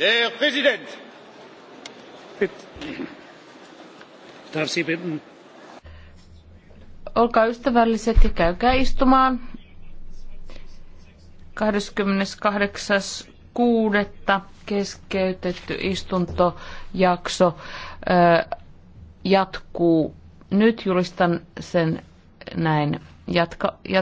herr präsident! olkaa ystävälliset ja käykää istumaan. 28.6. keskeytetty istuntojakso jatkuu. Nyt julistan sen näin jatka, jat,